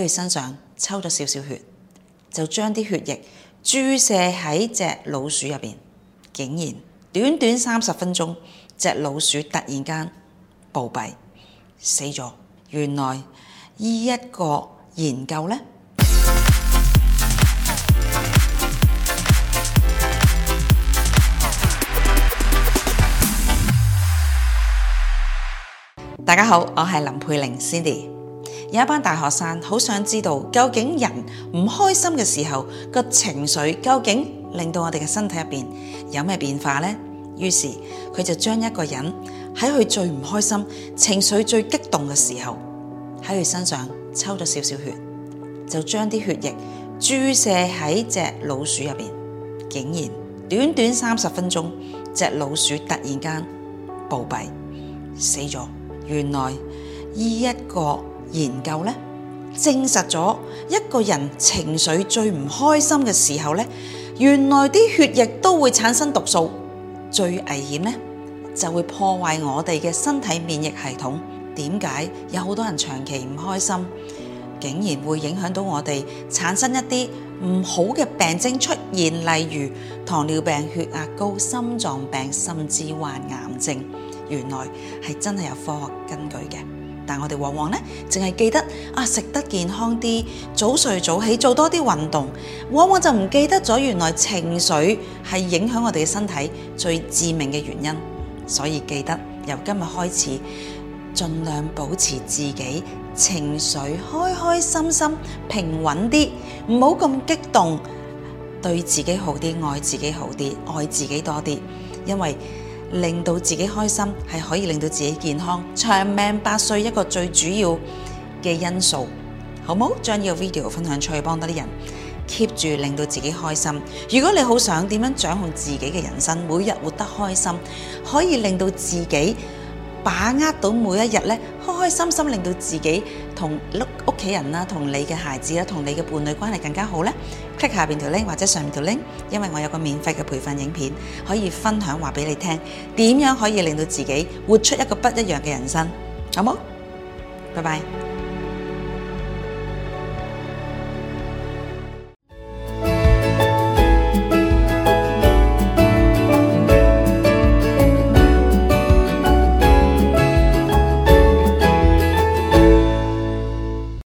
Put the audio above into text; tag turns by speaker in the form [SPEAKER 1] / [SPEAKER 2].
[SPEAKER 1] 佢身上抽咗少少血，就將啲血液注射喺隻老鼠入邊，竟然短短三十分鐘，隻老鼠突然間暴斃死咗。原來呢一個研究呢？大家好，我係林佩玲，Cindy。有一班大學生好想知道究竟人唔開心嘅時候，個情緒究竟令到我哋嘅身體入面有咩變化呢？於是佢就將一個人喺佢最唔開心、情緒最激動嘅時候喺佢身上抽咗少少血，就將啲血液注射喺隻老鼠入面。竟然短短三十分鐘，隻老鼠突然間暴斃死咗。原來呢一個研究咧，證實咗一個人情緒最唔開心嘅時候咧，原來啲血液都會產生毒素，最危險咧就會破壞我哋嘅身體免疫系統。點解有好多人長期唔開心，竟然會影響到我哋產生一啲唔好嘅病徵出現？例如糖尿病、血壓高、心臟病，甚至患癌症。原來係真係有科學根據嘅。但我哋往往咧，淨係記得啊，食得健康啲，早睡早起，做多啲運動，往往就唔記得咗原來情緒係影響我哋嘅身體最致命嘅原因。所以記得由今日開始，盡量保持自己情緒開開心心、平穩啲，唔好咁激動，對自己好啲，愛自己好啲，愛自己多啲，因為。令到自己開心係可以令到自己健康、長命百歲一個最主要嘅因素，好冇？將呢個 video 分享出去幫的人，幫多啲人 keep 住令到自己開心。如果你好想點樣掌控自己嘅人生，每日活得開心，可以令到自己。把握到每一日咧，開開心心，令到自己同屋企人啦，同你嘅孩子啦，同你嘅伴侶關係更加好咧。click 下邊條 link 或者上面條 link，因為我有個免費嘅培訓影片，可以分享話俾你聽，點樣可以令到自己活出一個不一樣嘅人生。好冇？拜拜。